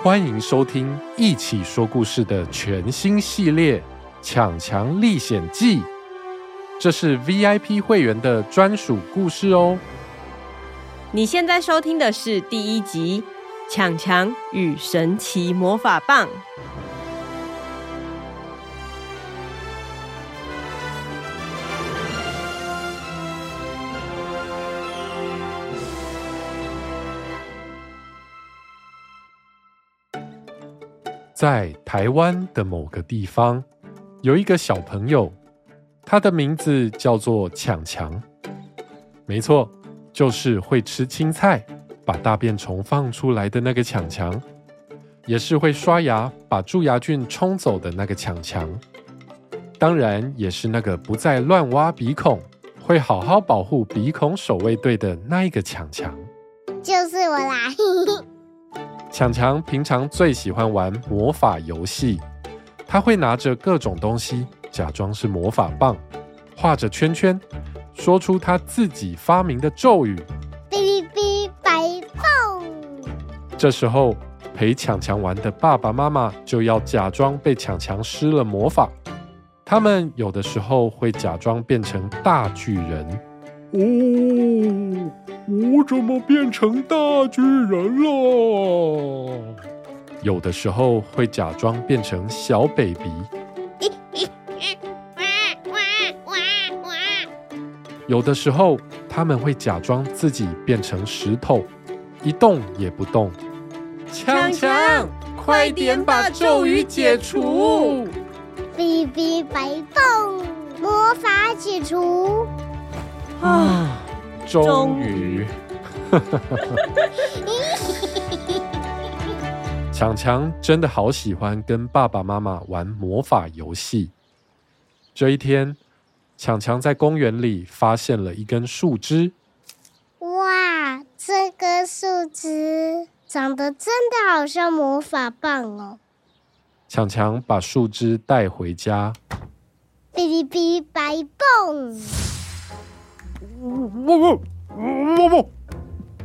歡迎收聽《一起說故事》的全新系列《強強歷險記》，這是 VIP 會員的專屬故事哦。你現在收聽的是第一集《強強與神奇魔法棒》。在台灣的某個地方，有一個小朋友，他的名字叫做強強。沒錯，就是會吃青菜、把大便蟲放出來的那個強強，也是會刷牙、把蛀牙菌沖走的那個強強，當然也是那個不再亂挖鼻孔、會好好保護鼻孔守衛隊的那一個強強。就是我啦。嘿嘿強強平常最喜歡玩魔法遊戲，他會拿着各種東西假裝是魔法棒，畫着圈圈，說出他自己發明的咒語。嗶哩嗶哩白棒。這時候陪強強玩的爸爸媽媽就要假裝被強強施了魔法，他們有的時候會假裝變成大巨人。哦，我怎麼變成大巨人了？有的時候會假裝變成小 baby。 哇哇哇。有的時候他們會假裝自己變成石頭，一動也不動。強強，快點把咒語解除！嗶嗶白動，魔法解除。啊！終於，哈哈哈哈哈！強強真的好喜歡跟爸爸媽媽玩魔法遊戲。這一天，強強在公園裡發現了一根樹枝。哇，這根樹枝長得真的好像魔法棒哦！強強把樹枝帶回家。嗶哩嗶白棒。汪汪汪汪，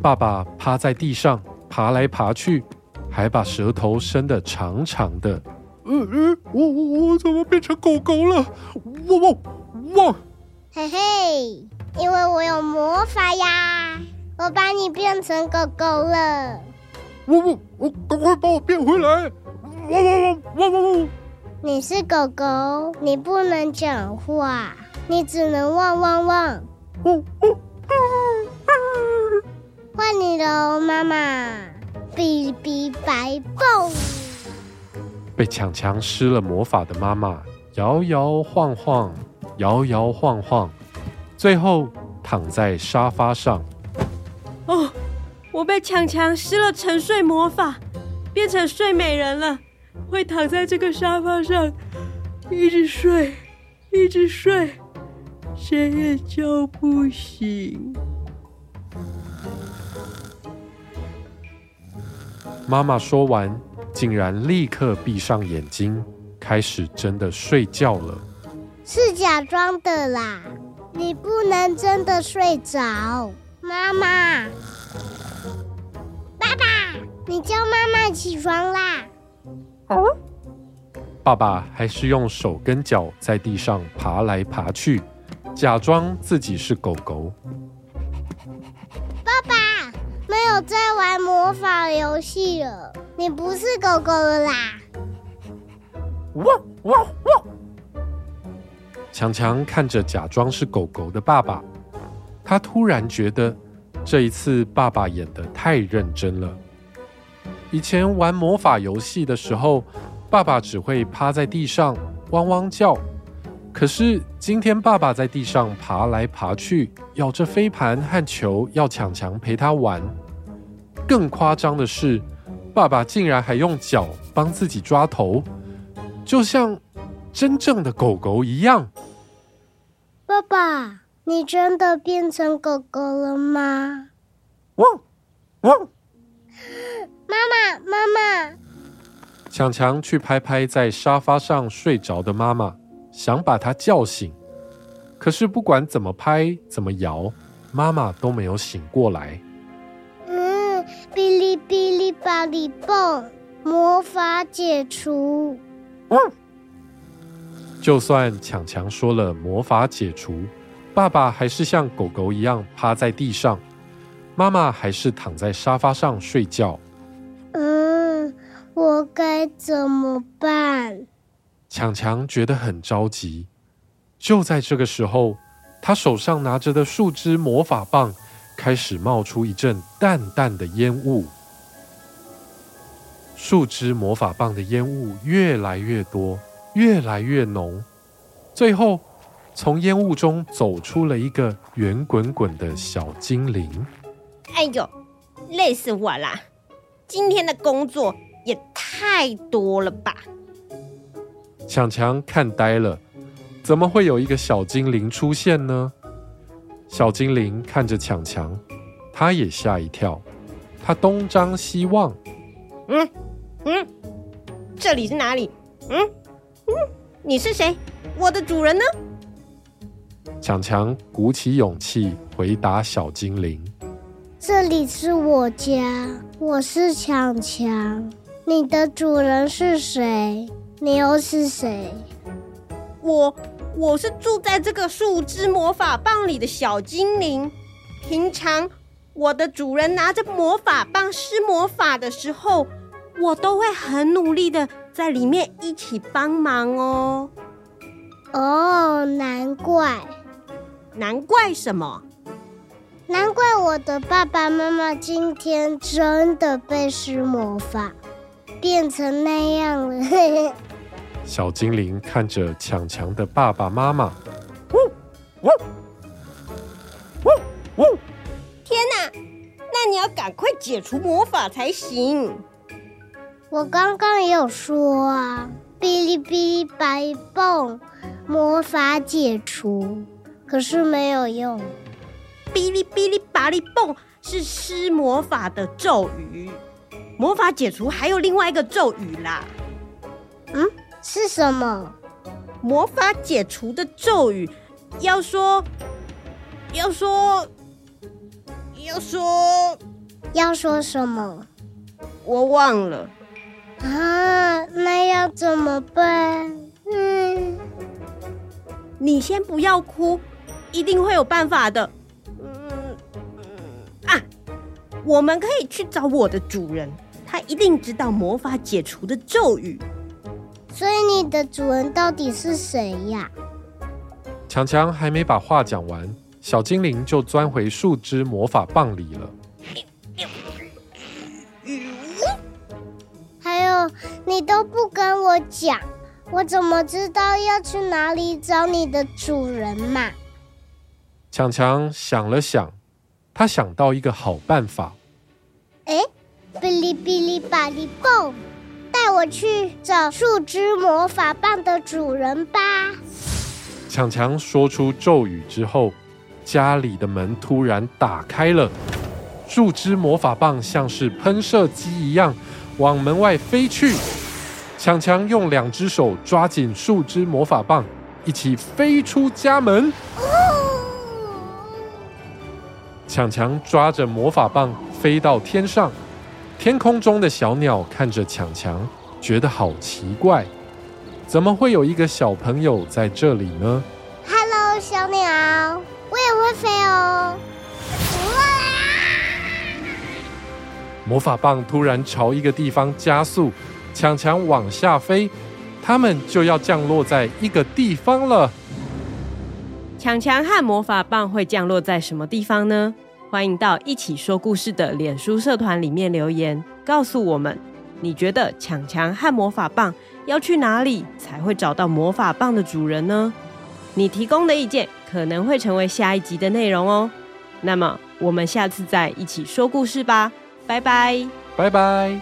爸爸趴在地上爬來爬去，還把舌頭伸得長長的。嗯嗯、呃呃，我我我怎麼變成狗狗了？汪汪汪！嘿嘿，因為我有魔法呀！我把你變成狗狗了。汪汪！我趕快把我變回來！汪汪汪汪汪汪！汪汪，你是狗狗，你不能講話，你只能汪汪汪。嗯嗯嗯啊、換你嘍，媽媽，嗶嗶白豹。被強強施了魔法的媽媽，搖搖晃晃，搖搖晃晃，最後躺在沙發上。哦，我被強強施了沉睡魔法，變成睡美人了，會躺在這個沙發上，一直睡，一直睡。誰也叫不醒。媽媽說完，竟然立刻閉上眼睛，開始真的睡覺了。是假裝的啦，你不能真的睡着。媽媽，爸爸，你叫媽媽起床啦！哦，爸爸還是用手跟腳在地上爬來爬去。假裝自己是狗狗，爸爸沒有在玩魔法遊戲了。你不是狗狗了啦！汪汪汪！強強看着假裝是狗狗的爸爸，他突然覺得這一次爸爸演得太認真了。以前玩魔法遊戲的時候，爸爸只會趴在地上汪汪叫。可是今天，爸爸在地上爬來爬去，咬着飛盤和球，要強強陪他玩。更誇張的是，爸爸竟然還用腳幫自己抓頭，就像真正的狗狗一樣。爸爸，你真的變成狗狗了嗎？汪汪！哇媽媽，媽媽！強強去拍拍在沙發上睡着的媽媽。想把他叫醒，可是不管怎麼拍，怎麼搖，媽媽都沒有醒過來。嗯，嗶哩嗶哩，巴里蹦，魔法解除。嗯。就算強強說了魔法解除，爸爸還是像狗狗一樣趴在地上，媽媽還是躺在沙發上睡覺。嗯，我該怎麼辦？強強覺得很着急，就在這個時候，他手上拿着的樹枝魔法棒開始冒出一陣淡淡的煙霧。樹枝魔法棒的煙霧越來越多，越來越濃，最後從煙霧中走出了一個圓滾滾的小精靈。哎呦，累死我啦！今天的工作也太多了吧。強強看呆了，怎麼會有一個小精靈出現呢？小精靈看着強強，他也嚇一跳，他東張西望，嗯嗯，這裡是哪裡？嗯嗯，你是誰？我的主人呢？強強鼓起勇氣回答小精靈：“這裡是我家，我是強強，你的主人是誰？”你又是誰？我我是住在這個樹枝魔法棒裡的小精靈。平常我的主人拿着魔法棒施魔法的時候，我都會很努力的在裡面一起幫忙哦。哦，難怪，難怪什麼？難怪我的爸爸媽媽今天真的被施魔法，變成那樣了。 小精靈看着強強的爸爸媽媽，嗚嗚嗚嗚！天哪，那你要趕快解除魔法才行。我剛剛也有說啊，嗶哩嗶哩拔力蹦魔法解除，可是沒有用。嗶哩嗶哩拔力蹦是施魔法的咒語，魔法解除還有另外一個咒語啦。嗯。是什麼？魔法解除的咒語，要說，要說，要說，要說什麼？我忘了。啊，那要怎麼辦？嗯，你先不要哭，一定會有辦法的。嗯啊，我們可以去找我的主人，他一定知道魔法解除的咒語。所以你的主人到底是誰呀？強強還沒把話講完，小精靈就鑽回樹枝魔法棒裡了。還有，你都不跟我講，我怎麼知道要去哪裡找你的主人嘛？強強想了想，他想到一個好辦法。哎，嗶哩嗶哩，吧哩嘣！帶我去找樹枝魔法棒的主人吧！強強說出咒語之後，家裡的門突然打開了，樹枝魔法棒像是噴射機一樣往門外飛去。強強用兩隻手抓緊樹枝魔法棒，一起飛出家門。哦。強強抓着魔法棒飛到天上。天空中的小鳥看着強強，覺得好奇怪，怎麼會有一個小朋友在這裡呢？Hello，小鳥，我也會飛哦。哇！魔法棒突然朝一個地方加速，強強往下飛，他們就要降落在一個地方了。強強和魔法棒會降落在什麼地方呢？歡迎到一起說故事的臉書社團裡面留言，告訴我們你覺得強強和魔法棒要去哪裡才會找到魔法棒的主人呢？你提供的意見可能會成為下一集的內容哦。那麼我們下次再一起說故事吧，拜拜，拜拜。